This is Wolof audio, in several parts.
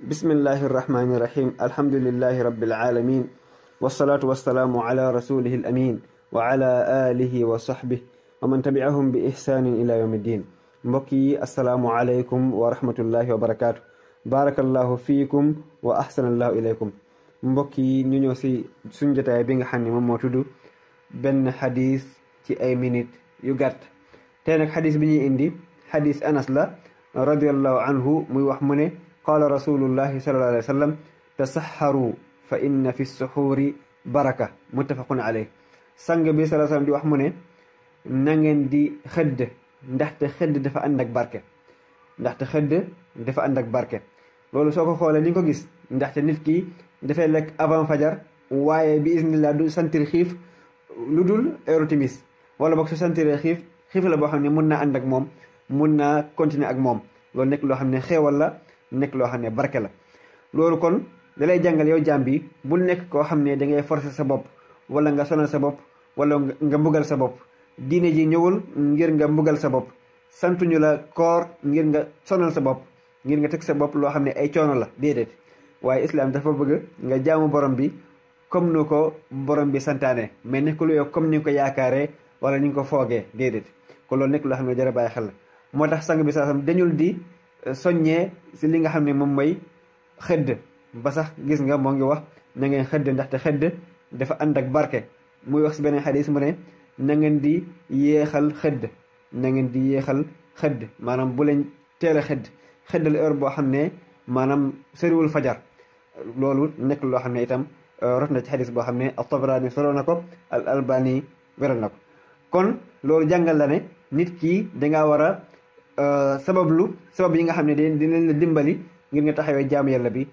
bismillahi irrahmani irrahim alhamdulilahi rabbil alamin wasalaatu wasalaamu ala rasulihi al amin wa ala alihi wa sahbih wa man tabiahum bi ihsaanin ila yawmi ddin mbokk yi asalaamu aleykum wa rahmatullahi wa barakaatu barakallahu fiikum wa ahsanallahu ilaykum mbokk yi ñu ñëw si suñ jotaay bi nga xam ne moom moo tudd benn xadis ci ay minute yu gàtt tey nag xadis bi ñuy indi xadis anas la radiallahu anhu muy wax mu ne qaala rasulullahi sallallahu alayhi wa sallam tasaxaru fa inna fi suxuuri baraka muttafaqun alayh sang bi sallallahu alayhi di wax mu ne na ngeen di xëdd ndaxte xëdd dafa ànd ak barke ndaxte xëdd dafa ànd ak barke loolu soo ko xoolee ni nga ko gis ndaxte nit ki dafay lekk avant fajar waaye bi isnillah du sentir xiif lu dul heure timis wala boog su sentiree xiif xiif la boo xam ne mun naa ànd ak moom mun naa continuer ak moom loolu nekk loo xam ne xéewal la nekk loo xam ne barke la loolu kon da lay jàngal yow jaam bi bul nekk koo xam ne da ngay forcer sa bopp wala nga sonal sa bopp wala nga mbugal sa bopp diine ji ñëwul ngir nga mbugal sa bopp santuñu la koor ngir nga sonal sa bopp ngir nga teg sa bopp loo xam ne ay coono la déedéet waaye islaam dafa bëgg nga jaamu borom bi comme nu ko borom bi santaane mais nekkul yow comme ni ko yaakaaree wala ni nga ko foogee déedéet kon loolu nekk loo xam ne jar bàyyi xel la moo tax sang bi saasam dañul di soññee si li nga xam ne moom mooy xëdd ba sax gis nga moo ngi wax na ngeen xëdd ndaxte xëdd dafa ànd ak barke muy wax si beneen xadis mu ne na ngeen di yéexal xëdd na ngeen di yéexal xëdd maanaam bu leen teel a xëdd xëddal heure boo xam ne maanaam soriwul fajar loolu nekk loo xam ne itam euh, rot na ci xadis boo xam ne al tabarani na ko al albani weral na ko kon loolu jàngal la ne nit ki dangaa war Euh, sabablu sabab yi nga xam ne dinañ la dimbali ngir nga taxawee jaam yalla bi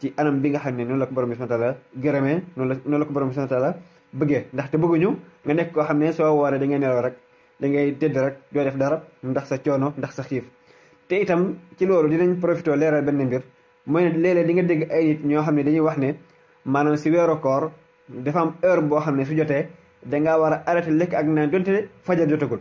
si anam bi nga xam ne noonu la ko borom bi subhanahu wa taala gërëmee noonu la noonu la ko borom bi subhanahu wa taala bëggee ndaxte bëgguñu nga nekk koo xam ne soo wooree dangay ngay rek da ngay tëdd rek doo def dara ndax sa coono ndax sa xiif te itam ci loolu dinañ profité leeral benn mbir mooy ne léeg-léeg di nga dégg ay ñoo xam ne dañuy wax ne maanaam si weeru koor dafa am heure boo xam ne su jotee dangaa war a arrêté lekk ak naan donte fajar jotagul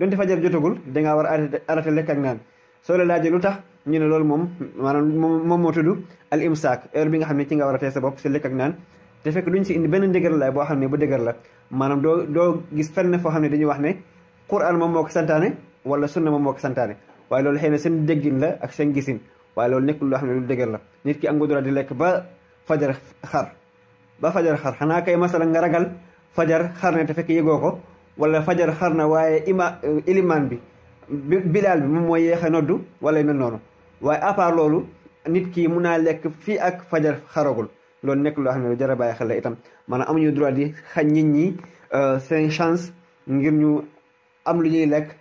donte fajar jotagul dangaa war a arrêté lekk ak naan soo la lu tax ñu ne loolu moom maanaam moom moo tudd al imsaak heure bi nga xam ne ci nga war a sa bopp si lekk ak naan fekk duñ si indi benn dëgër laay boo ne bu dëgër la maanaam doo doo gis fenn foo xam ne dañuy wax ne quran moom moo ko santaane wala sunna moom moo ko santaane waaye loolu xëy na seen déggin la ak seen gisin waaye nekkul loo xam ne lu dëgër la nit ki am nga droit di lekk ba fajar xar ba fajar xar xanaa kay masala nga ragal fajar xar ne te fekk yëgoo ko wala fajar xar na waaye ima eh, ilimaan bi bilaal bi moom mooy yéex a noddu wala mel noonu waaye à part loolu nit ki mun naa lekk fii ak fajar xaragul loolu nekk loo xam ne jar a bàyyi xel la itam maanaam amuñu droit di xañ nit ñi euh, seen chance ngir ñu am lu ñuy lekk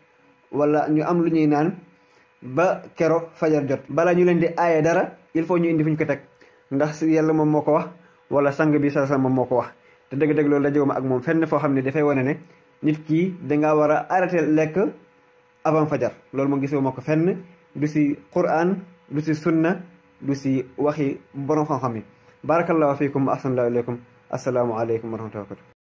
wala ñu am lu ñuy naan ba kero fajar jot balaa ñu leen di aaye dara il faut ñu indi fi ñu ko teg ndax yàlla moom moo ko wax wala sang bi sa moom moo ko wax te dëgg-dëgg loolu dajewuma ak moom fenn foo xam ne dafay wane ne nit ki danga war a arrêté lekk avant fajar loolu moom gisee ma ko fenn du si quran du si sunna du si waxi borom xam-xam yi barakallahu fiikum ahsanallahu ilaykum assalaamu aleykum wa rahmatullahi